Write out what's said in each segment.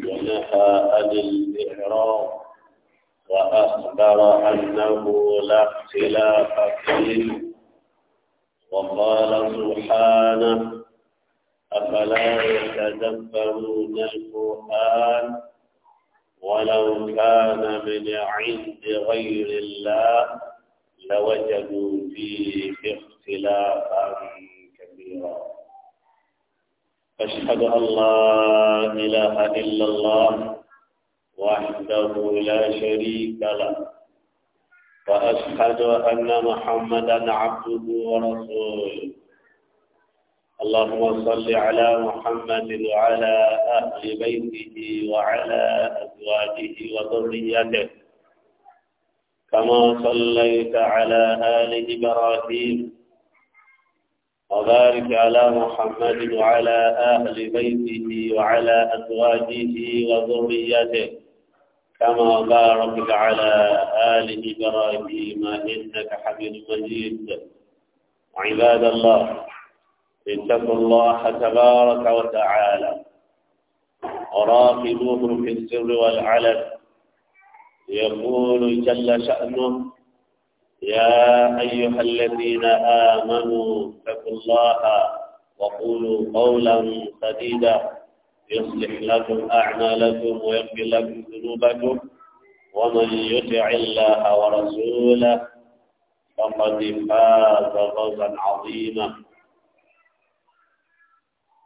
ونهى عن الإعراب وأخبر أنه لا اختلاف فيه وقال سبحانه أفلا يتدبرون القرآن ولو كان من عند غير الله لوجدوا فيه اختلافا كبيرا أشهد أن لا إله إلا الله وحده لا شريك له وأشهد أن محمدا عبده ورسوله اللهم صل على محمد وعلى أهل بيته وعلى أزواجه وذريته كما صليت على آل إبراهيم وبارك على محمد وعلى أهل بيته وعلى أزواجه وذريته كما باركت على آل إبراهيم إنك حميد مجيد عباد الله اتقوا الله تبارك وتعالى وراقبوه في السر والعلن يقول جل شأنه يا أيها الذين آمنوا اتقوا الله وقولوا قولا سديدا يصلح لكم أعمالكم ويغفر لكم ذنوبكم ومن يطع الله ورسوله فقد فاز فوزا عظيما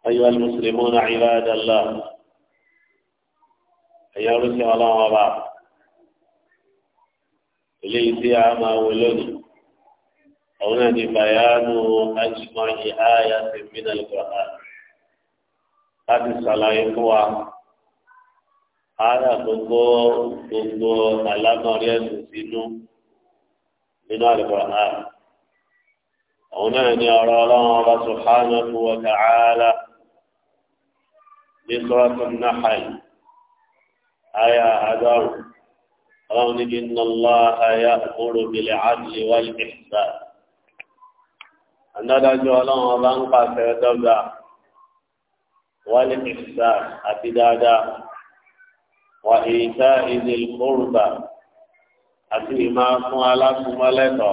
أيها المسلمون عباد الله أيها الرسول الله وبعد eléyìí tí a máa wọ lónìí àwọn náà ní bayanu ajimaji aya ti mina lukura láti ṣàlàyé fún wa ara gbogbo gbogbo alámọ̀rí ẹ̀sùn sínú nínú àlùkò ààrẹ àwọn náà ní ọ̀rọ̀ ọlọ́run ọba subhanahu wa ta'ala ní suratul nahl aya àádọ́rùn ọlọ́run ní inna Allaha ya'muru bil 'adli wal ihsan. ànádájọ́ ọlọ́run ọba ń pàṣẹ dọ́gba wal ihsan àti dáadáa wà ita'i dhil qurba àti ìmáa fún alákùnmọ́lẹ́tọ̀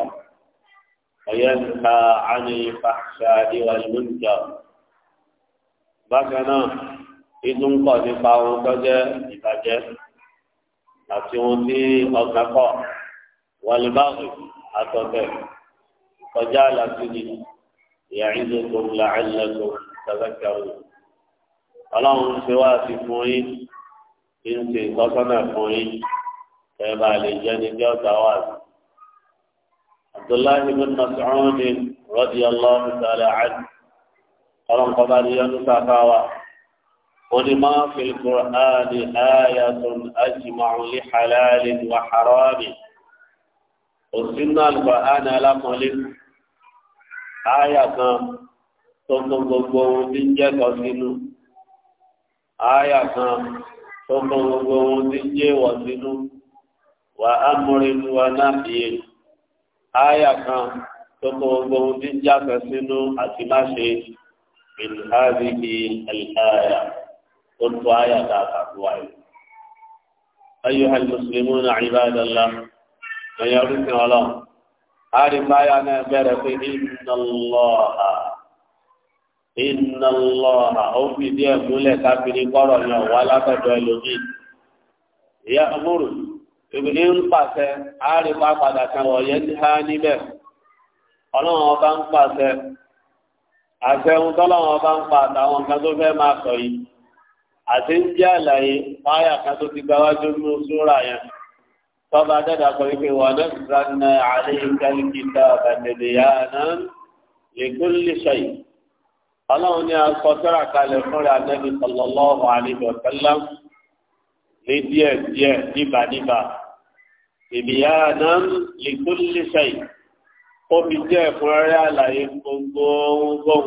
ọ̀yẹ́ nǹka 'anil fahsha'i wal munkar. bákan náà ìdúnkọ̀ nípa ohun tó jẹ́ ìbàjẹ́ àti ohun tí ọ̀gá kọ̀ wàlúbáwì àtọ̀tẹ̀ kọjá àlàtúndì ìyàrínlẹ̀ tó ń la àìlẹ̀ tó tẹ̀lẹ́kẹ̀ ọ̀rọ̀. ọlọ́run ṣe wá sí fún yín kí n ṣe ìtọ́sọ́nà fún yín kẹ́ bá lè jẹ́ ní bí ọ̀gá wà sí. abdullahi bin mas'ud radiyallahu ta'ala anhu ọlọ́run kọ́ bá ní yọ́nú sáfá wa. ولما في القرآن آية أجمع لحلال وحرام وصلنا القرآن لمولد آية tuntun gbogbo ohun tí ń jẹ́ kan sínú àyà kan tuntun gbogbo ohun tí ń jẹ́ wọ̀ sínú wà á múrin wa náà yé àyà kan tuntun gbogbo ohun tí ń jẹ́ kan sínú àti má ṣe ìlú àbíkí ẹ̀lẹ́yà. قلت آية تعطوا أيها المسلمون عباد الله من يرثنا الله عارف آية بارك إن الله إن الله أو في دي مولى كافر قرن ولا تدلوجي يأمر ابن قاسة عارف قد كان وينهى نبه ọlọ́run ọba ń pàṣẹ àṣẹ ohun tọ́lọ́run ọba ń pa àtàwọn tó fẹ́ àti ń jẹ́ àlàyé máyà kan tó ti gbáwájú ní sóra yẹn tọ́ba dẹ́dà sọ wípé wà lọ́sàn-án àlẹ́ ìkẹ́lìkìtà àbẹ̀lẹ̀yà náà lè kó lè ṣàyè ọlọ́run ní akọ sọ́ra kalẹ̀ fúnra anábì sọlọ́lọ́ọ̀hún àlejòkẹ́lá lé díẹ̀ díẹ̀ níbà níbà ìbíyà náà lè kó ó fi jẹ́ ẹ̀kúnrẹ́rẹ́ àlàyé gbogbo ohun gbọ́n.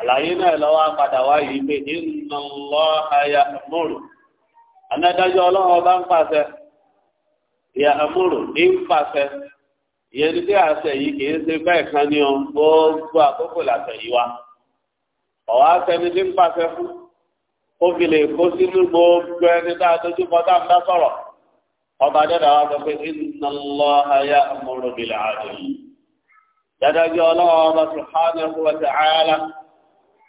àlàyé náà lọ́wọ́ padà wá yìí pé inna Allaha ya'muru anádájọ́ ọlọ́run bá ń pàṣẹ ya'muru ní ń pàṣẹ ìyẹn yìí kì í ṣe bẹ́ẹ̀ kan ní ọ gbogbo àkókò làṣẹ yìí ọ̀wá sẹni ní ń pàṣẹ fún fi lè kó sínú gbogbo ẹni tá a tójú bọ́ tá a ń bá sọ̀rọ̀ ọba dẹ́dà wa sọ pé inna Allaha ọba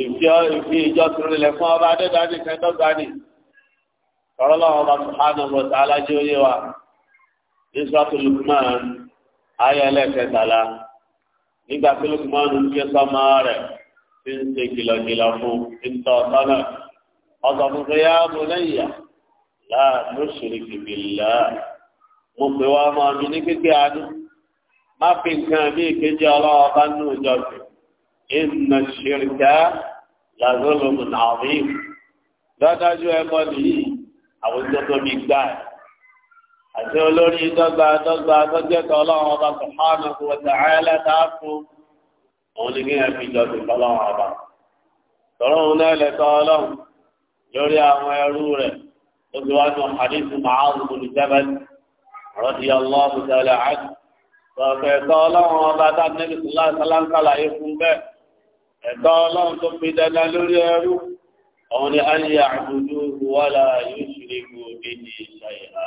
ìfi ìfi ìjọ tìrìlẹ̀ fún ọba adẹ́dá nìkan dọ́gba ni ọlọ́wọ́ ọba subhanahu wa ta'ala jẹ́ oyé wa ní suratul Luqman ayé ẹlẹ́kẹtàlá nígbà tí Luqman ń ké sọ́mọ rẹ̀ tí ń ṣe kìlọ̀kìlọ̀ fún ìtọ̀ sọ́nà ọ̀sọ̀ fúnfẹ́ yá mú lẹ́yìn la nushrik billah mo pè wá ọmọ mi ní kékeré àánú má fi nǹkan mí ìkéjì ọlọ́wọ́ bá nù ìjọsìn inna shirka لظلم عظيم azim dájú ẹ̀kọ́ nìyí àwùjọ tó mi gbà ẹ̀ àti olórí dọ́gba dọ́gba dọ́gẹ́tọ̀ ọlọ́run ọba subhanahu wa ta'ala dáàfù òun ni kíyàn fi jọ sí ọlọ́run ọba tọ́rọ̀ òun náà lẹ́tọ́ ọlọ́run lórí àwọn ẹrú rẹ̀ ó ti wá hadith Mu'adh bin Jabal radiyallahu ta'ala anhu sọ̀fẹ̀tọ̀ ọlọ́run ọba tá ẹ̀tọ́ ọlọ́run tó fi dandan lórí ẹrú ọ̀hún ni alẹ́ àdúdú wàlà yóò ṣeré kú bíi ṣàyà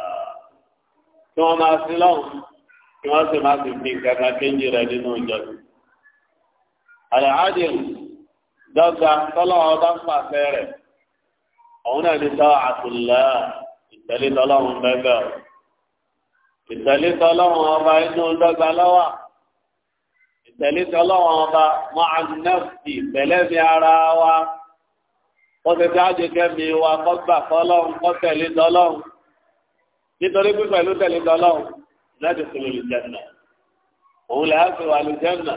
kí wọ́n máa sí lọ́hùn kí wọ́n sì máa sì fi kankan kéjì rẹ̀ nínú ìjọba. àlẹ́ àdìm dọ́gba tọ́lọ́ ọba ń pàṣẹ rẹ̀ ọ̀hún náà ní sọ àtúnlá ìtẹ̀lé bẹ́ẹ̀ bẹ́ẹ̀ ìtẹ̀lé ọba inú dọ́gba lọ́wọ́ tẹ̀lé tí ọlọ́wọ́n ọba máa nẹ́fì pẹ̀lẹ́ mi ara wa wọ́n ti dájú kẹ́mi wa kọ́ gbà fọlọ́hún kọ́ tẹ̀lé dọ́lọ́hún nítorí pé pẹ̀lú tẹ̀lé dọ́lọ́hún láti fi lòlù jẹ́nà òun lè fi wà lù jẹ́nà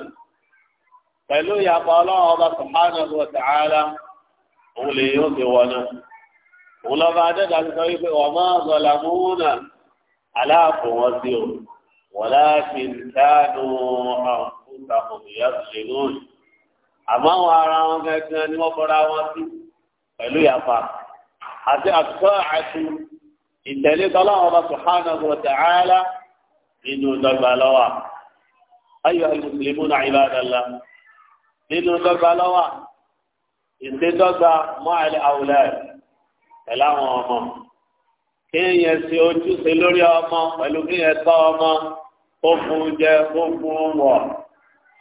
pẹ̀lú ìyàpọ̀ ọlọ́wọ́n ọba subhanahu wa ta'ala òun lè yóò fi wọnà òun lọ́ba adẹ́dà ti sọ wípé wọ́n máa zọlà múnà aláàfọ̀ wọn sí o wọ́n láti kánú ọ̀hún. a ìyá ṣe lóòrùn àmọ́ àwọn ara wọn gẹ́gẹ́ ni wọ́n fọ́ra wọn sí pẹ̀lú ìyàpá àti àtúntò àti ìtẹ̀lé tọ́láwọn ọba subhanahu wa ta'ala nínú dọ́gba lọ́wọ́ ayọ̀ al-muslimuna ibadallah nínú dọ́gba lọ́wọ́ ìṣèdọ́gba mọ́àlẹ́ àwùlẹ̀ pẹ̀lú àwọn ọmọ ṣe ojúṣe lórí ọmọ pẹ̀lú tọ́ ọmọ ó fún ó fún wọ̀.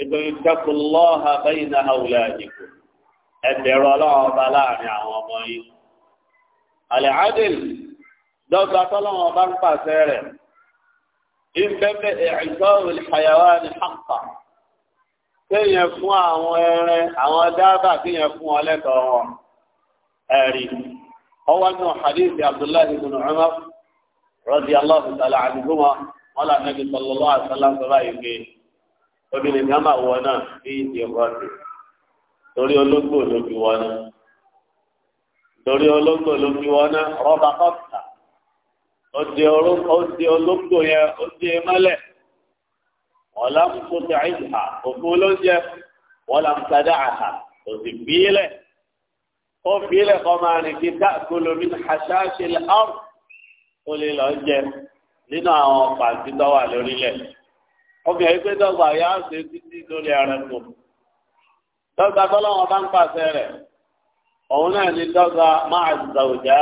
ìgbẹ́ ìtẹ́kùlọ́ha bẹ́yìn náà wùlẹ̀ àdìkù ẹ̀bẹ̀rọ ọlọ́run ọba láàrin àwọn ọmọ yìí. Àlẹ́hádìl dọ́gba tọ́lọ́run ọba ń pàṣẹ rẹ̀. Ìbẹ́bẹ́ ìṣọ́rù ìṣàyàwá ni hàǹpà. Kéèyàn fún àwọn ẹran àwọn dábàá kéèyàn fún wọn lẹ́tọ̀ọ́ wọn. Ẹ̀rí ọwọ́ nù hadithi Abdullahi ibn Umar radiyallahu ta'ala anhuma wọn làmẹ́bí sallallahu alaihi wasallam sọ obìnrin kan máa wọ náà bí ìdíyọkọtì torí ológbò ló fi wọ náà torí ológbò ló fi wọ náà rọba kọta ó di ológbò yẹn ó di mọ́lẹ̀ ọlá ń kó tẹ àìsà òkú olóúnjẹ wọn là sadà àhà kò sì bílẹ̀ ó bílẹ̀ kọ́ máa rìn kí dákúlò mi lọ́rùn ó lè lọ́ọ́ jẹ nínú àwọn pàǹtí tó wà lórílẹ̀ obìnrin pé dọ́gba yà á ṣe títí lórí ara tó dọ́gba tọ́lọ́wọ́n bá ń pàṣẹ rẹ̀ òun náà ní dọ́gba máa zàwùjá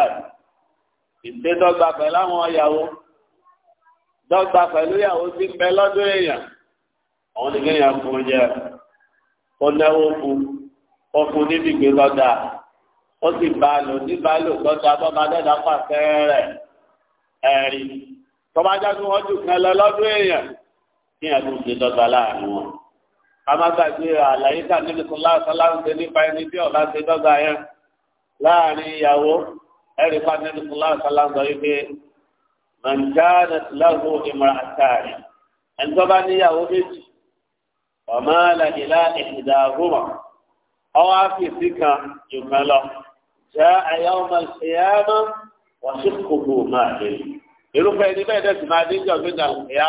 ìdé dọ́gba pẹ̀lú àwọn ìyàwó dọ́gba pẹ̀lú ìyàwó tí ń bẹ lọ́dún èèyàn òun ní kéèyàn fún un jẹ kó náwó fún kó fún níbi gbé lọ́dà ó sì bá a lò ní bá a lò lọ́dà bọ́ máa dọ́dà pàṣẹ rẹ̀ ẹ̀rí tọ́bajá tí wọ́n jù kan lọ lọ́dún èèyàn kí ẹ ló ṣe dọ́gba láàrin wọn. ká má gbàgbé àlàyé tá níbi tó láàṣọ láǹṣẹ nípa ẹni tí ọ̀la ṣe dọ́gba yẹn láàrin ìyàwó ẹ̀rí pa níbi tó láàṣọ láǹṣọ yìí pé mọ̀nìkánà láwọ ìmọ̀ràn àtàrí ẹni tó bá níyàwó méjì ọ̀mọ́ àlàyélá ìdá àgùmọ̀ ọwọ́ àfìsí kan jùmọ̀ lọ jẹ́ àyàwó mọ̀lẹ́yàmọ̀ wọ́n ṣe kókó máa lè irúfẹ́ ẹni bẹ́ẹ̀ dẹ́sì máa dé jọ̀gbìn náà ìyá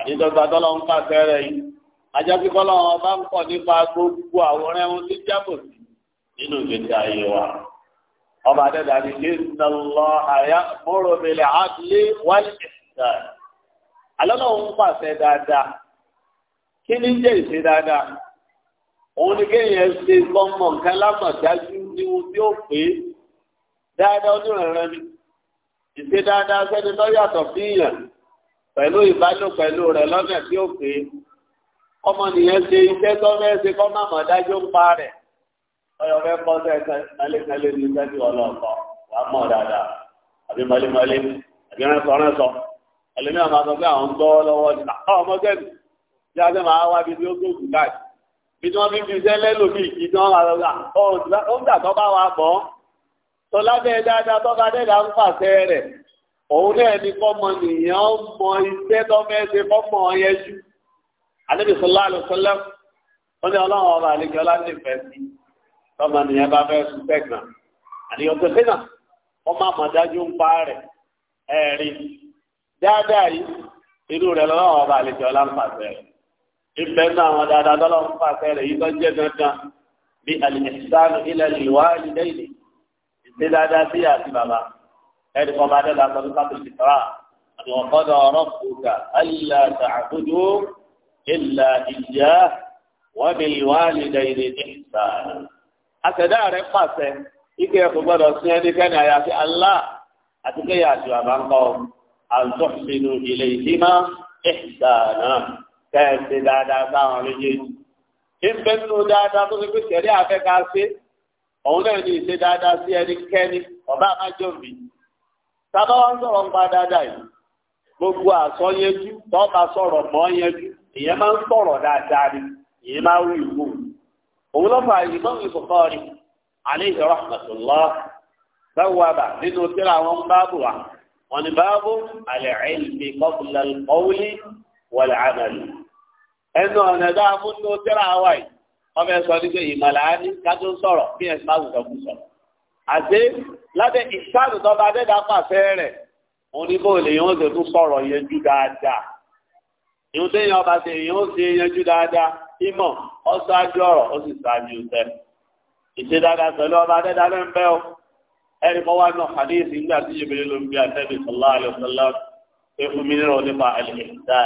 àdídọ́gba tọ́lọ́ ń pàṣẹ rẹ̀ yìí ọba ń pọ̀ nípa gbogbo àwòrán ẹ̀hún tí jábọ̀ sí nínú ayé wa ọba dẹ́dà ní ń pàṣẹ dáadáa kí ni jẹ́ ìṣe dáadáa òun ni kéèyàn ṣe gbọ́mọ̀ nǹkan lámọ̀dájú níwọ̀n tí ó pé dáadáa onírànràn ni ìṣe dáadáa sẹ́ni tó yàtọ̀ pẹ̀lú ìbálò pẹ̀lú rẹ̀ lọ́nà tí ó pé ọmọnìyàn ṣe iṣẹ́ tó fẹ́ ṣe kọ́ má mọ̀ dájú ń pa rẹ̀ ọyọ fẹ́ kọ́ sẹ́sẹ́ mẹ́lẹ́mẹ́lẹ́ ní sẹ́sẹ́ ọlọ́ọ̀kọ́ wàá mọ̀ dáadáa àbí mọ́lẹ́mọ́lẹ́ àbí rẹ́sọ rẹ́sọ ẹlẹ́mìí àwọn àgbẹ̀ àwọn ń gbọ́ lọ́wọ́ ní ah, ọmọ sẹ́nu bí a fẹ́ máa wá bí ó gbóògùn káàkiri bí wọ́n fi fi iṣẹ́ lẹ́lòmíì kí wọ́n máa lọ́gbà ah, ó ń gbà tó bá wa bọ́ tó lábẹ́ dáadáa tó bá dẹ́dà ń pàṣẹ rẹ̀ òun náà ní kọ́mọ nìyàn mọ iṣẹ́ tó fẹ́ ṣe fọ́mọ yẹn jù alẹ́bí sọlá ló sọlá ó ní ọlọ́run ọba àlejò lánífẹ̀ẹ́ sí tọ́mọ nìyàn bá fẹ́ sùn tẹ́gbà àníyàn tó fẹ́ náà wọ́n máa mọ̀ dájú ń pa rẹ̀ ẹ̀rí dáadáa yìí irú rẹ̀ lọ́wọ́ ọba àlejò ọlámpàṣẹ rẹ̀ ìfẹ́ náà àwọn dáadáa tọ́lọ́ ń pàṣẹ rẹ̀ yìí tó jẹ́ dandan bí ẹni kọ́ máa dẹ́gbàá sọ nípa tòṣì tọ́ra àti wọ́n kọ́dọ̀ ọ̀rọ̀ kúkà àyíyá tààbùdù ìlà ìjà wọ́n mi wá nílẹ̀ ìdè ní ìgbà. àtẹ̀dá rẹ̀ pàṣẹ ike ẹ̀kọ́ gbọ́dọ̀ sí ẹnikẹ́ni àyàfi Allah àti kéyà àti àbáńkọ́ àtúnṣinú ilé ìdímá ìgbà náà kẹ́ẹ̀sì dáadáa sáwọn méjèèjì. ìfẹ́ nínú dáadáa tó ti pè sẹ́rí àfẹ́ ká sí òun náà ní ìṣe dáadáa sí ẹnikẹ́ni ọba àmájọ́bì tábà wá ń sọ̀rọ̀ ń pa dáadáa yìí gbogbo àsọ yẹjú tọ́ba sọ̀rọ̀ mọ́ yẹjú ìyẹn máa ń sọ̀rọ̀ dáadáa ni ìyẹn máa ń wí ìwò òun lọ́fà ìmọ̀ ìfọ̀kọ́ rí alayhi rahmatullah báwàbà nínú tíra wọn báàbù wa wọn ni báàbù al-ilmi qabla al-qawli wal ẹnu ọ̀nà dáa fún nínú tíra wa yìí wọ́n fẹ́ ìmọ̀lá ní kájú sọ̀rọ̀ bí ẹ̀sìn máa wùdọ̀ àti lábẹ́ ìṣáàdù tọ́ba adẹ́dá pàṣẹ rẹ̀ òun ni kò lè yàn ó ṣe tún sọ̀rọ̀ yẹnjú dáadáa ìhun tó yàn ọba ṣe yàn ó ṣe yẹnjú dáadáa ìmọ̀ ó ṣáájú ọ̀rọ̀ ó sì ṣáájú tẹ ìṣe dáadáa pẹ̀lú ọba adẹ́dá lẹ́ ń bẹ́ o ẹni kọ́ wá nù hadith nígbà tí Jibril ló ń bí àtẹ́bí sọlá àlùfọlá pé fún mi nírọ̀ nípa ẹ̀lẹ́kẹ̀ẹ́dá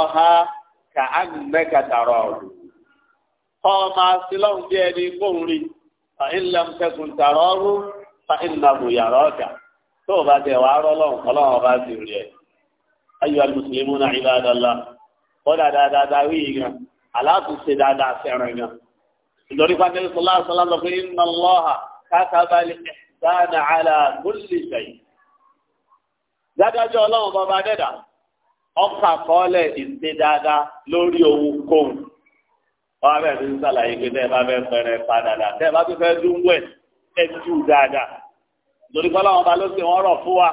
nípa kà á mẹ́ka tààrọ̀ ọ̀dù. kọ́ ọ máa sí lọ́hùn bí ẹni kóhùn rí fa ilẹ̀ ń tẹkùn tààrọ̀ ọ̀rú fa ilẹ̀ ń yàrá ọ̀dà tó o bá tẹ̀ wá rọ́ lọ́hùn ọlọ́run ọba sì rí ẹ̀. ayọ̀ alùsùlùmù náà ibà dọ́là kódà dáadáa wí yìí gan aláàtúnṣe dáadáa fẹ́ràn gan. ìdọ̀rí pàtẹ́lí sọlá sọlá sọ pé iná lọ́hà kákàbálẹ̀ dáadáa àlà kúlì dáadáa jọ ọlọ́run bọ́ba dẹ́dàá ọkà kọ́lẹ̀ ìṣe dáadáa lórí owó kóhùn wọn abẹ́ ti ń sàlàyé pé tẹ́ ẹ bá fẹ́ fẹ́rẹ̀ pa dáadáa tẹ́ ẹ bá tún fẹ́ dúnwẹ̀ ẹ jù dáadáa torí kọ́lá wọn bá ló ṣe wọ́n rọ̀ fún wa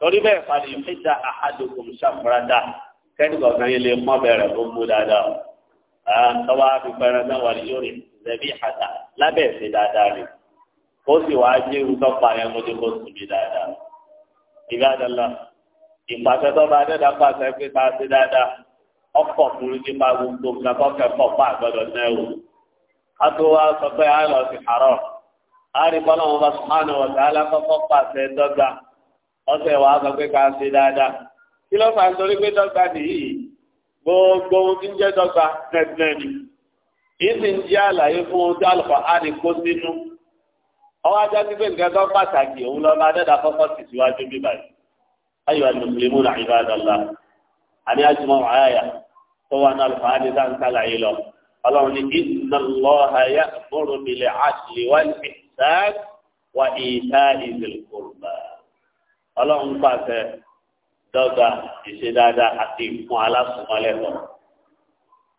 torí bẹ́ẹ̀ fàlẹ́ ìfẹ́ta àhádùkùn ṣàmúradà kẹ́nìkan kan yẹn lè mọ́ bẹ̀rẹ̀ tó mú dáadáa tọ́wọ́ fi fẹ́rẹ̀ náà wà lórí rẹ̀ zẹ̀bí àtà lábẹ́ ìṣe dáadáa rẹ̀ ó sì wáá jẹ́ ìwúntọ́pàá yẹn mo ti kó sùn mí dáadáa ìgbà dáadáa ìpàṣẹ tó bá dẹ́dá pàṣẹ pé ká ṣe dáadáa ọkọ̀ kúrú nípa gbogbo nǹkan tó kẹ́kọ̀ọ́ pa àgbọ̀dọ̀ náà wò. a tó wá sọ pé a lọ sí àárọ̀ a rí bọ́lá wọn bá sùnmánù ọ̀sẹ̀ alákọ̀ọ́kọ́ pàṣẹ dọ́gba ọ̀sẹ̀ wàá sọ pé ká ṣe dáadáa kí ló fà ń torí pé dọ́gba nìyí gbogbo ohun tí ń jẹ́ dọ́gba tẹ̀sílẹ̀ ni ìsìn jẹ́ àlàyé fún ohun tí àlùfáà ní kó sínú ọwọ́ ajá sí pé nǹkan tó pàtàkì òun lọ́ọ́ máa dẹ́dà أيها المسلمون عباد الله أنا أجمع آية هو أن الفارزان كالعيلة قالوا إن الله يأمر بالعدل والإحسان وإيتاء ذي القربى قالوا أن فاتح دودا إشدادا حقيق على سمالته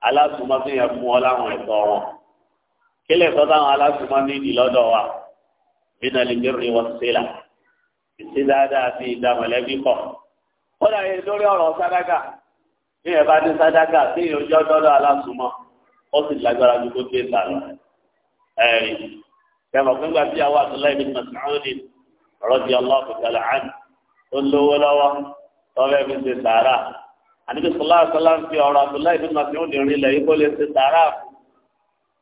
على سمالته يقول لهم إطارهم كل فتاة على سمالته لدوا من البر والصلة ìṣe dáadáa sí ìdámọ̀lẹ́bí pọ̀. ó dàbí lórí ọ̀rọ̀ sádágà bí ẹ bá dé sádágà sí ìròjọ́ ọjọ́dọ́ aláṣùmọ́ ó sì lágbára ju kó dé sàlọ. ẹ̀rí kẹfà fúngbà tí àwọn àtúnlẹ̀ ibi mọ̀sáwọ́nì rọ́jì ọlọ́ọ̀kùnkàlà án tó lówó lọ́wọ́ tọ́lẹ̀ fi ṣe sàárà. àníbi sọlá sọlá ń fi ọ̀rọ̀ àtúnlẹ̀ ibi mọ̀sáwọ́nì rinlẹ̀ yìí kó lè ṣe sàárà.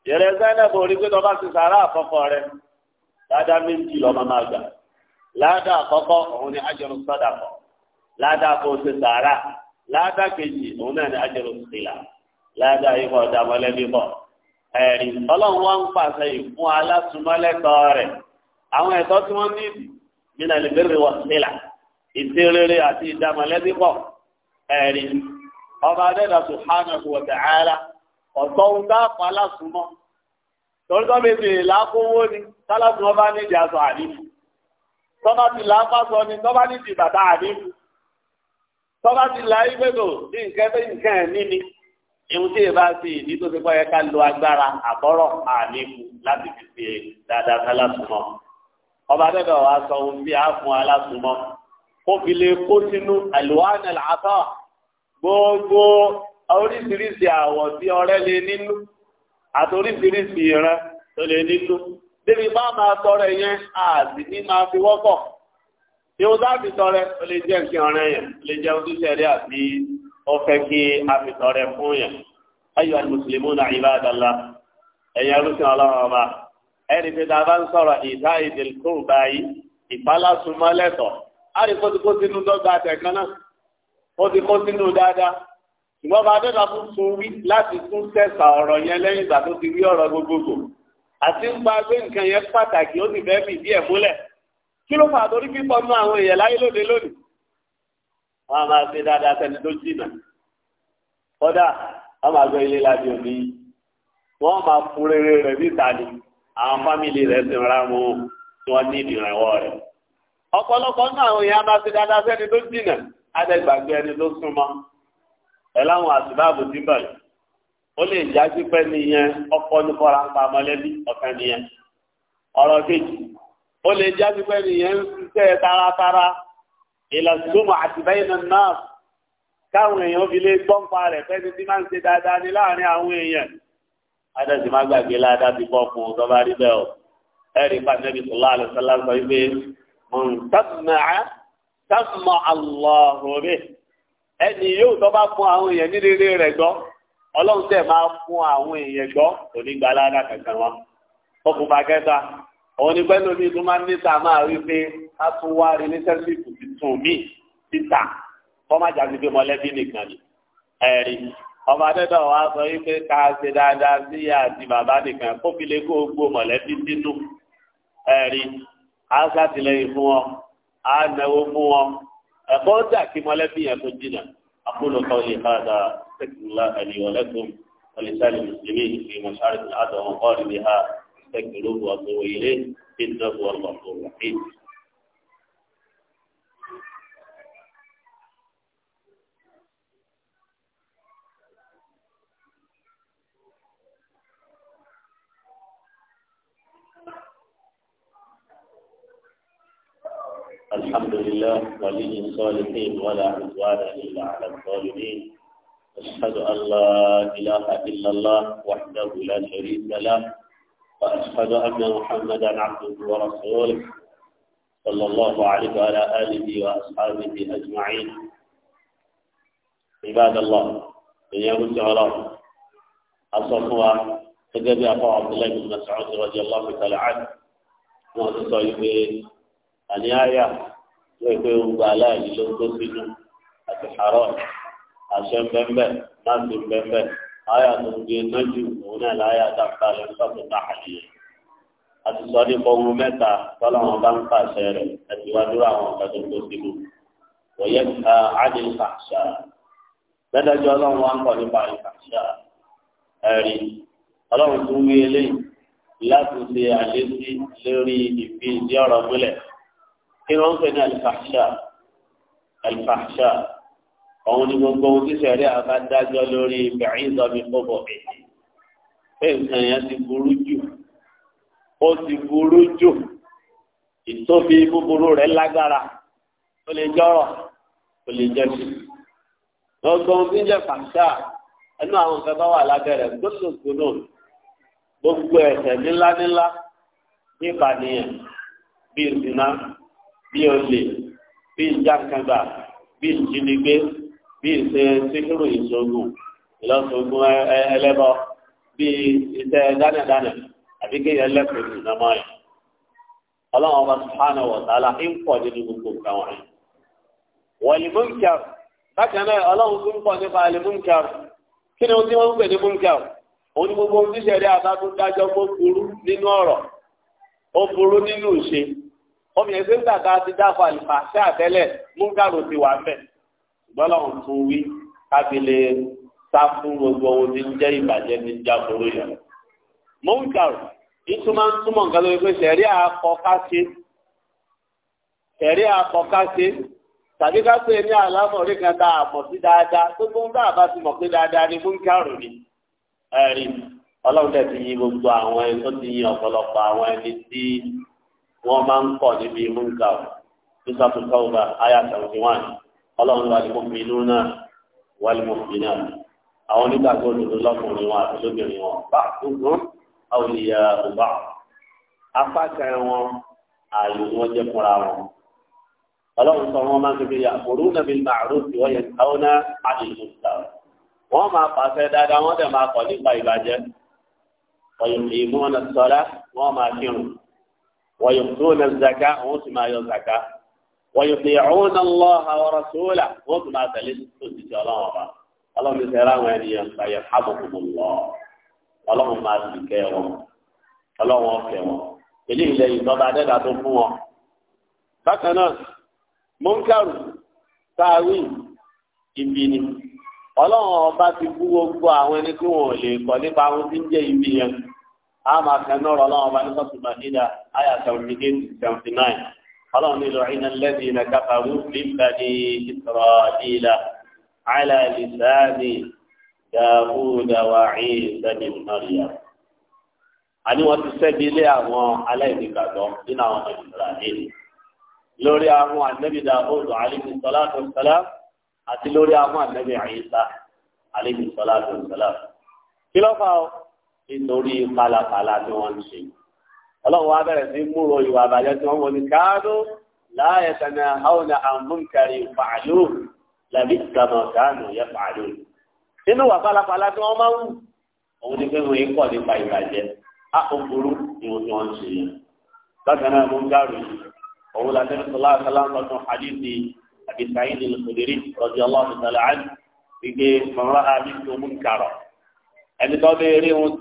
yẹrẹ sẹ́nẹ̀ bò rí pé tọ́ bá ṣe sàárà àkọ́kọ́ rẹ̀ dáadáa méjì lọ́mọ máa gbà láàdá àkọ́kọ́ òun ni ajọrò sọ́dà kọ́ láàdá kó o ṣe sàárà láàdá kejì òun náà ni ajọrò sílà láàdá ikọ̀ ọ̀dàmọ́lẹ́bí bọ̀ ẹ̀rí ọlọ́run wá ń pàṣẹ ìfún alásùmọ́lẹ́tọ̀ rẹ̀ àwọn ẹ̀tọ́ tí wọ́n ní nínú ẹ̀lẹ́bẹ̀rẹ̀ wọ̀ sílà ìṣerere àti ìdámọ̀lẹ́bí bọ̀ ẹ̀rí ọba adẹ́dà subhanahu wa ta'ala ọ̀tọ̀ ń dá pa alásùmọ́ torí tọ́ tọ́ba ti là á bá sọ ni tọ́ba ní ti bàbá àdínkù tọ́ba ti là á ìgbẹ́dò ní nǹkan bẹ́ẹ̀ nǹkan ẹ̀ ní ni ìhun tí ìbá sí ìdí tó ti pọ́yẹ ká lo agbára àbọ̀rọ̀ àdínkù láti fi ṣe dáadáa sálásùmọ́ ọba dẹ́dọ̀ wa sọ ohun tí a fún alásùmọ́ kó fi lè kó sínú àlùwánà làásọ̀ gbogbo oríṣiríṣi àwọ̀ tí ọrẹ́ lè nínú àti oríṣiríṣi ìran tó lè nínú débi bá máa tọrẹ yẹn àti ní máa fi wọ́pọ̀ ìwọ́n bá fi tọrẹ ó lè jẹ́ nǹkan ọ̀rẹ́ yẹn ó lè jẹ́ ojúṣe rí àti ọ̀fẹ́ kí a fi tọrẹ fún yẹn ayọ̀ àlùmùsùlùmù náà ìbádàlá ẹ̀yìn arúgbìn ọlọ́run ọba ẹni pé tá a bá ń sọ̀rọ̀ ìdá ìdìlkó báyìí ìbálásùmọ́lẹ́tọ̀ á rí kó ti kó sínú dọ́gba àtẹ̀kan náà ó sínú dáadáa ṣùgbọ́n bá dọ́gba tún tún láti tún tẹ̀sà ọ̀rọ̀ yẹn lẹ́yìn ìgbà tó ti wí ọ̀rọ̀ gbogbogbò àti ń pa gbé nǹkan yẹn pàtàkì ó sì fẹ́ fi ìdí ẹ̀ múlẹ̀ kí ló fà torí pípọ̀ mú àwọn èèyàn láyé lóde lónìí wọn a máa ṣe dáadáa sẹni tó jìnà kódà wọn máa gbé ilé láti òní wọn máa fún rere rẹ níta ni àwọn fámìlì rẹ sì ra mu tí wọn ní ìdìrànwọ́ rẹ ọ̀pọ̀lọpọ̀ nínú àwọn èèyàn a máa ṣe dáadáa sẹni tó jìnà adẹgbàgbé ẹni tó súnmọ́ ẹ láwọn àtìbáàbò tí bàlẹ ó lè já sí pẹ́ nìyẹn ọkọ ní kọ́ra ń pa mọ́lẹ́bí ọ̀kan nìyẹn ọ̀rọ̀ kejì ó lè já sí pẹ́ nìyẹn ń ṣiṣẹ́ taratara ìlọsùnmọ̀ àtìbẹ́yìn náà káwọn èèyàn fi lè gbọ́npa rẹ̀ fẹ́ni tí máa ń ṣe dáadáa ní láàrin àwọn èèyàn adẹ́sì má gbàgbé ládàá ti bọ́ fún ọ̀tọ́ bá rí bẹ́ẹ̀ o ẹ̀rí pàtẹ́bí sọlá àlùsọlá sọ wípé mọ̀ntàmà tàmà àlọ́hùnrin ẹni yóò tọ́ bá fún àwọn èèyàn ní rere rẹ̀ gbọ́ ọlọ́run tẹ̀ máa fún àwọn èèyàn gbọ́ kò ní gba aláàdá kankan wọn. ọkùnfà kẹta òun ni pẹ́ lómi tó máa ń níta máa rí pé a tún wá rí ní sẹ́sìkù tuntun míì títà kọ́má jáde pé mọ̀lẹ́bí nìkan ni. ẹ̀rí ọba dẹ́dọ̀ wa sọ yìí pé ká ṣe dáadáa sí ìyá àti bàbá nìkan kó fi lè kó gbó mọ̀lẹ́bí sínú. ẹ̀rí a ṣàtìlẹ́yìn fún wọn a náwó fún wọn ẹ̀kọ́ dà kí mọ̀lẹ́bí yẹn tó jìnnà àkúlùkọ́ yìí استغفر الله لي ولكم ولسائر المسلمين في مشارق العدو ومغاربها استغفروه واتوبوا اليه انه هو الغفور الرحيم الحمد لله ولي الصالحين ولا عدوان الا على الظالمين أشهد أن لا إله إلا الله وحده لا شريك له وأشهد أن محمدا عبده ورسوله صلى الله عليه وعلى آله وأصحابه أجمعين عباد الله من يوم الجعلان أصفوا تجد أبو عبد الله بن مسعود رضي الله تعالى عنه وأتصل به أنيايا يأيى ويكون بالاء لو أتحرار àṣẹ bẹ́ẹ̀ láti bẹ́ẹ̀ àyà tó ń gbé nájú òun náà láyà dáadáa lọ sọ́kùn táàkì yẹn àti sọ nípa ohun mẹ́ta tọ́lá wọn bá ń pàṣẹ rẹ̀ àti wá dúró àwọn ọ̀gá tó tó síbò wọ̀nyẹ́ ká ádìrí fàṣà lẹ́dájọ́ ọlọ́run wá ń kọ́ nípa ìfàṣà ẹ̀rí ọlọ́run tún wí eléyìí láti ṣe àlésí lórí ìfi ìdí ọ̀rọ̀ múlẹ̀ kí wọ́n ń pè ní àlìfàṣà àlìfàṣà òun ni gbogbo ohun tí sẹ̀rí àbá dájọ́ lórí bẹ̀rìndọ́mi kọ́bọ̀ èdè pé nǹkan yẹn ti burú jù ó ti burú jù ìtóbi búburú rẹ̀ lágbára ó lè jọ́rọ̀ ó lè jẹ́ sí gbogbo ohun tí ń jẹ́ fàṣà ẹnu àwọn nǹkan bá wà lábẹ́rẹ̀ gbóṣògbónò gbogbo ẹ̀ṣẹ̀ ńláńlá bí ìbànìyàn bí ìdìnnà bí olè bí ìjàǹkàngbà bí ìjínigbé bí ìṣe síkírù ìṣogun ìlọsọgùn ẹlẹ́bọ bí ìṣe dánadánà àbí kéèyàn lẹ́kọ̀ọ́ ìṣúná máa yìí ọlọ́run ọba subhanahu wa ta'ala ń pọ̀ nínú gbogbo nǹkan wọ̀nyí. wọ̀lì múnkẹ́r bákan náà ọlọ́run tún pọ̀ nípa àlè múnkẹ́r kí ni ohun tí wọ́n ń pè ní múnkẹ́r òun ni gbogbo ohun tí ìṣẹ̀lẹ̀ àbábún dájọ́ kó burú nínú ọ̀rọ̀ ó burú nínú ìṣe omi ẹ̀sìn gbàgbà ti dáfọ̀ àlùfàṣẹ́ àtẹ́lẹ̀ múnkẹ́r ò ti wà mẹ́ẹ̀ gbọ́lọ́hùn tún wí kábílẹ̀ sá fún gbogbo ohun tí ń jẹ́ ìbàjẹ́ ní jáforó yẹn. mọ́ńkàrù ìtumọ̀ ń túmọ̀ nǹkan lórí pé sẹ̀rí àkọ́kásí sẹ̀rí àkọ́kásí tàbí ká pé ní àlámọ̀ orí kan tá a mọ̀ sí dáadáa gbogbo ń bá a bá ti mọ̀ pé dáadáa ni mọ́ńkàrù ni ẹ̀rí ọlọ́run tẹ̀ ti yin gbogbo àwọn ẹni tó ti yin ọ̀pọ̀lọpọ̀ àwọn ẹni tí wọ́n máa ń kọ̀ níbi mọ́ńkàrù tó sàtúntọ́ ọlọ́run ló àdìpọ̀ mi lónà wàlú mọ̀ mi náà àwọn onígbàgbọ́ òdodo lọ́kùnrin wọn àti lóbìnrin wọn bá gbogbo àwọn ìyá ọba apá kan wọn ààyè wọn jẹ fúnra wọn ọlọ́run sọ wọn máa ń kékeré àkóró nàbí màrún tí wọ́n yẹ káwọn náà àdìpọ̀ sá wọn máa ويطيعون الله ورسوله وما تلسوا تجارة اللهم سلام عليكم يرحمكم الله اللهم اللهم إليه لا فكنا منكر ọlọ́run ọba ti kú gbogbo àwọn ẹni tí wọn lè kọ́ nípa àwọn tí ń jẹ́ ibi yẹn a máa kẹ́ náà ọlọ́run ọba ní sọ́tùmọ̀ nílà àyà ọlọ́run nílò iná lẹ́bi iná kápárú bíbáni ìsọ̀rọ̀dìlà aláìsàánì dàbúdà wà ìsàní mọ́ríà. àní wọ́n ti ṣẹ́bi ilé àwọn aláìnígbàgbọ́ nínú àwọn ọmọ ìsọ̀rọ̀dìlì lórí àwọn ànábì dàbúdà alayhi salatu wassalam àti lórí àwọn ànábì Ìsá alayhi salatu wassalam. kí ló fà ó nítorí pálapàla ni wọ́n ń ṣe ọlọ́run wa bẹ̀rẹ̀ sí múrò ìwà àbàjẹ́ tí wọ́n wọ́n ní káàdó láàyè tẹ̀lé àwọn àmúkẹrì fàálù làbí ìtànà káàdó yẹ fàálù. nínú wà pálapàla tí wọ́n máa ń wù òun ni pé wọ́n yín pọ̀ nípa ìbàjẹ́ á kó burú ìwọ̀n tí wọ́n ń ṣe yẹn. bákan náà mú gáàrú òun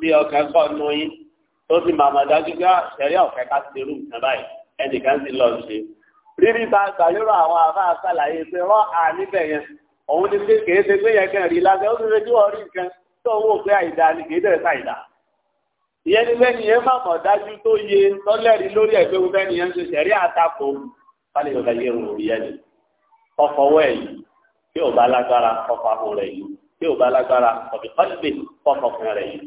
la tó ti màmá dájú pé ah, ṣẹ̀rí ọ̀fẹ́ ká ti rú nǹkan báyìí ẹnìkan ti lọ ṣe. rírí bá gbàlérò àwọn àbá àṣàlàyé pé rán àníbẹ̀ yẹn òun ni pé kèé ṣe pé yẹn kàn rí lásán ó ti ṣe kí wọ́n rí nǹkan tó ń wò pé àìdá ni kèé dẹ̀ ṣàìdá. ìyẹn ni lẹ́ni yẹn má mọ̀ dájú tó yẹ tọ́lẹ́rìí lórí ẹ̀gbẹ́ wo fẹ́ni yẹn ń ṣe ṣẹ̀rí àtakò fálẹ̀ yọ̀ọ̀dà yẹ rò rí ẹni. ọkọ̀ wọ̀ ẹ̀yìn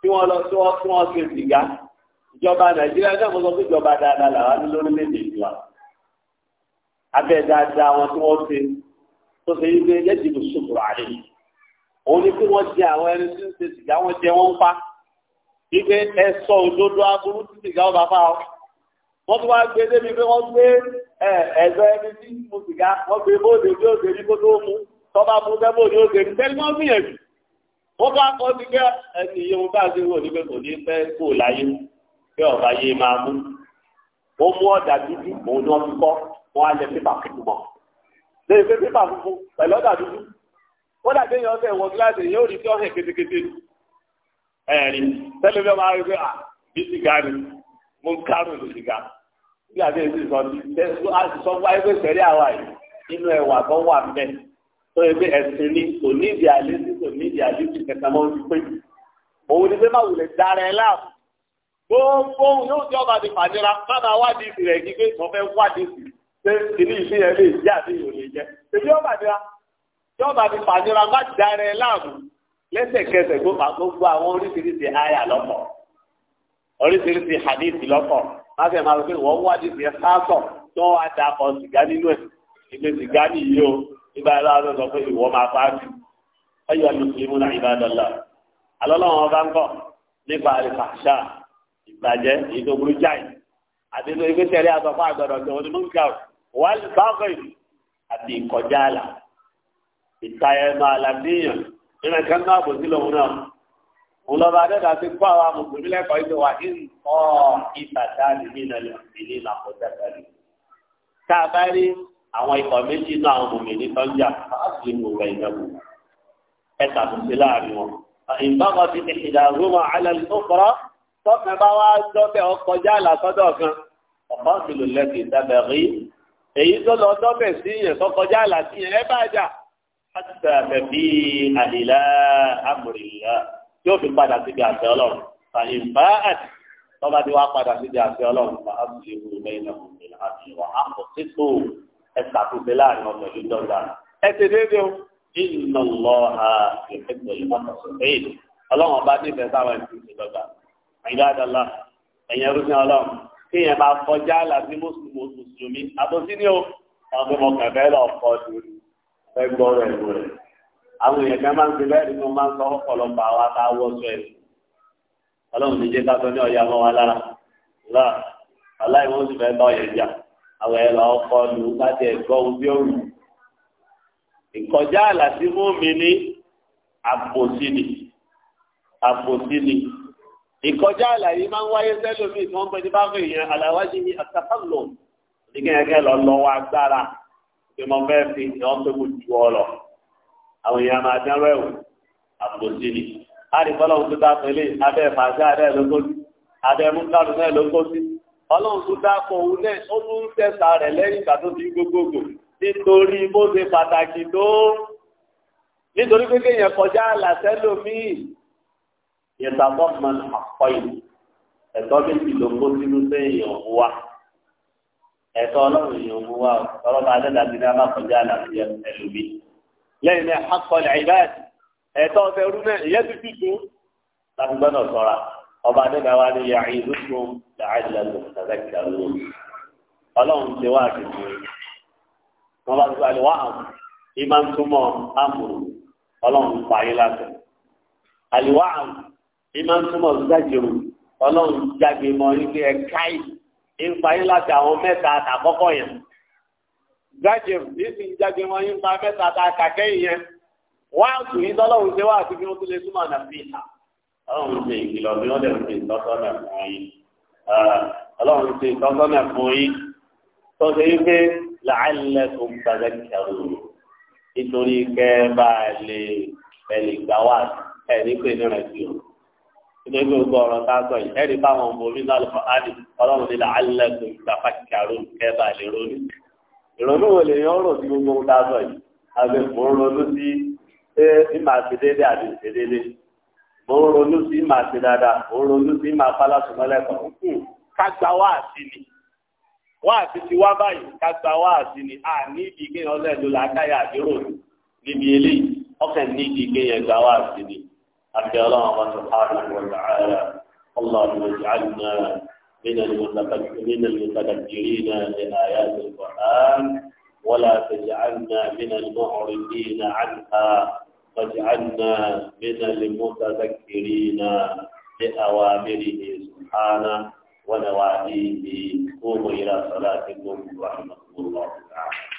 tí wọ́n lọ tí wọ́n tún wọ́n ṣe sìgá ìjọba nàìjíríà náà mo sọ pé ìjọba dáadáa làwọn ní lórílẹ̀-èdè ìjọba abẹ́ dáadáa wọn tí wọ́n ṣe tó ṣe yí pé yẹ́jì ló ṣòkòrò àlè òun ni pé wọ́n jẹ àwọn ẹni tí ń ṣe sìgá wọ́n jẹ wọ́n ń pa wípé ẹ sọ òdodo aburú tí sìgá ọba fa ọ wọ́n tún wá gbé débi pé wọ́n gbé ẹ̀gbẹ́ ẹni tí mo sìgá wọ́n gbé bóde bí ó ṣe rí mú tọ́ mú tẹ́ bóde ó wọ́n bá kọ́ sí pé ẹni iye wọn bá ṣe wò ní kò ní fẹ́ kó láyé pé ọ̀bá yé máa mú wọ́n mú ọ̀dà dúdú òun ni wọ́n fi kọ́ wọ́n á lẹ pépà funfun mọ́ lẹ́yìn pé pépà funfun pẹ̀lú ọ̀dà dúdú wọ́n dàgbé yan ọ̀sẹ̀ wọ gíláàsì yóò rí tí ọ̀hìn kétékété ẹ̀rín tẹ́lẹ̀ bí máa rí pé à ah, bí sìgá ni mo ń kárò ní sìgá bí àbí èsì sọ ti sọ wáyé pé sẹ́rí àwa yìí nínú ẹ̀wà tó wà mẹ́rin tó yẹ pé ẹ̀sìn ni kò ní ìdí àlẹ́ sí kò ní ìdí àlẹ́ sí kẹta mọ́ ojú pé òun ni pé má wulẹ̀ dára ẹ láàbù gbogbo yóò jẹ́ ọba ti fàdíra máma wádìí sí rẹ̀ kí pé wọ́n fẹ́ wádìí sí pé kìíní ìfín yẹn lè jẹ́ àbí ìwò lè jẹ́ èyí ọba ti ra tí ọba ti fàdíra má dára ẹ láàbù lẹ́sẹ̀kẹsẹ̀ gbogbo àwọn oríṣiríṣi àyà lọ́pọ̀ oríṣiríṣi hadith lọ́pọ̀ má fẹ́ máa rò pé wọ́n wádìí sí ẹ sáàtọ̀ tó wá da ọ̀ sìgá nínú ẹ̀ ìgbésìgá nìyí o ibà ẹ̀ láwọn sọ pé ìwọ máa pa á sí ẹ̀yọ́ mùsùlùmí náà ibà dọ̀là alọ́lọ́wọ́n bá ń kọ́ nípa àlìfàṣà ìbàjẹ́ èyí tó burú jáì àti tó ibi tẹ̀lé àtọ́kọ́ àgbọ̀dọ̀ tó ń kà wà lùbáfẹ́ àti ìkọjá àlà ìtayẹ máa làbíyàn nínú kan náà bò sí lòun náà òun lọ́ba adẹ́dà ti kọ́ àwọn mùsùlùmí lẹ́kọ̀ọ́ ìjọ wà ní ọ̀ ìbàdàn nínú ẹ̀lẹ́mìnì làkọjá kárì. tá a bá rí àwọn ikọ̀ méjì náà àwọn ọmọ mi ní sọ́jà láti mú rẹ̀ ìjọba ẹ ṣàtúnṣe láàrin wọn. ìbámu ti ti ìdàrúmọ̀ alẹ́ lókọ́rọ́ tọ́kàn bá wá dọ́bẹ̀ ọkọjá àlàsọ́dọ̀ kan ọ̀pọ̀ ìlú lẹ́sìn ìdábẹ̀ rí èyí tó lọ dọ́bẹ̀ sí yẹn tọkọjá àlàsí yẹn ẹ bá jà láti bẹ̀rẹ̀ bí àdìlá amòrìlá yóò fi padà síbi àṣẹ ọlọ́run fàyìnbá àti ti wá padà síbi àṣẹ ọlọ́run fàá ẹ ṣàkóso láàrin ọmọ ìlú dọ́gba ẹ ṣe déédéé o ìnà lọ ha ìfẹ́gbẹ̀ ìmọ̀tọ̀sọ̀ èyí ọlọ́run ọba ní ìfẹ́ sáwọn ìlú ti dọ́gba ìdádọ́lá ẹ̀yẹn rúbí ọlọ́run kí yẹn máa kọjá láti mùsùlùmí àtọ́sí ni ó ọmọ ọmọ kẹfẹ́ lọ kọ́ lórí ẹgbọ́rọ̀ ẹ̀rọ rẹ̀ àwọn èèyàn kan máa ń fi bẹ́ẹ̀ ni wọ́n máa ń sọ ọ̀pọ̀lọpọ̀ àwa tá a wọ́ àwọn ẹ̀rọ ọkọ lù ú bá tẹ̀ gbọ́ ohun tí ó wù. ìkọjá àlàsí fún mi ní àpòsí ni àpòsí ni ìkọjá àlàyé máa ń wáyé sẹ́lómi tí wọ́n pè ní báfẹ́ ìyẹn àlàwájú ní àtàkàlò ní kẹ́kẹ́ lọ lọ́wọ́ agbára pé mo fẹ́ fi ìyọ́n pé mo ju ọ àwọn èèyàn máa dán rẹ̀ wò àpòsí ni. a lè fọlọ́run tó dáa pẹ̀lú abẹ́ fàáṣẹ́ adẹ́ lókòsí abẹ́ mú kárùn náà lókòsí ọlọ́run tó dákọ̀ òun náà ó tún tẹ̀sà rẹ̀ lẹ́yìn ìgbà tó ti gbogbogbò nítorí bó ṣe pàtàkì tó nítorí pé kéèyàn kọjá àlàsẹ́ lómii ìtàbọ̀ mọ àpọ̀ ìlú ẹ̀tọ́ méjì ló kó sínú séèyàn wá ẹ̀tọ́ ọlọ́run èèyàn mú wá ọ̀rọ̀ bá dẹ́dà ti dá má kọjá àlàsẹ́ ẹlòmíì lẹ́yìn náà àkọlẹ̀ ìbáàdì ẹ̀tọ́ ọ̀fẹ́ rú náà ìyẹ́ tuntun tó láti gbọ́dọ̀ sọ̀rọ̀ ọba nínú àwọn ni yàrá ìlú tó làálẹ̀ lò sàlẹ̀kẹ̀ lò ọlọ́run ti wá àdìmọ́ wọn bá ti balẹ̀ wá àmù ìmọ̀ ntúmọ̀ àmù ọlọ́run parí láti àlìwá àmù ìmọ̀ ntúmọ̀ gbàjẹ̀rù ọlọ́run jáde mọ́ ibi ẹ̀ka yìí ń parí láti àwọn mẹ́ta àtàkọ́kọ́ yẹn gbàjẹ̀rù níbi jáde mọ́ yín mẹ́ta àtàkàkẹ́ yẹn wá àtúnyí tọ́lọ́run ṣe wá àti ọlọ́run ṣe ìkìlọ̀ bí wọ́n dẹ̀ ṣe ìtọ́sọ́nà fún yín ah, ọlọ́run ṣe ìtọ́sọ́nà fún yín tó ṣe yí pé làálẹ̀ tó ń gbàgbé kẹrù nítorí kẹ́ bá a lè pẹ̀lú ìgbà wà ẹ̀ ní pé ní rẹ̀ sí o nítorí gbogbo ọ̀rọ̀ tá a sọ yìí ẹ̀rí báwọn ọmọ omi náà lọ́kọ̀ áàdì ọlọ́run ní làálẹ̀ tó ń gbàgbé kẹrù kẹ́ bá a lè ronú ìrònú wo lè yan sí gbogbo tá a sọ yìí àgbẹ̀ mò ronú sí ṣé ní màá ṣe déédéé àti ṣe déédéé òun ronú sí màá ṣe dáadáa òun ronú sí màá fálásùn mọ́lẹ́kọ̀ọ́ ká gba wáàsí ni wáàsí ti wá báyìí ká gba wáàsí ni a ní ibi kéèyàn lẹ́nu làákàyà àdúrò níbi eléyìí ọkàn ní ibi kéèyàn gba wáàsí ni àbí ọlọ́run ọba tó ká ló wọ̀ láàárọ̀ ọlọ́run ọjà àdúrà من من المتكبرين لآيات القرآن ولا تجعلنا من المعرضين عنها واجعلنا من المتذكرين لأوامره سبحانه ونواهيه قوموا إلى صلاتكم رحمة الله تعالى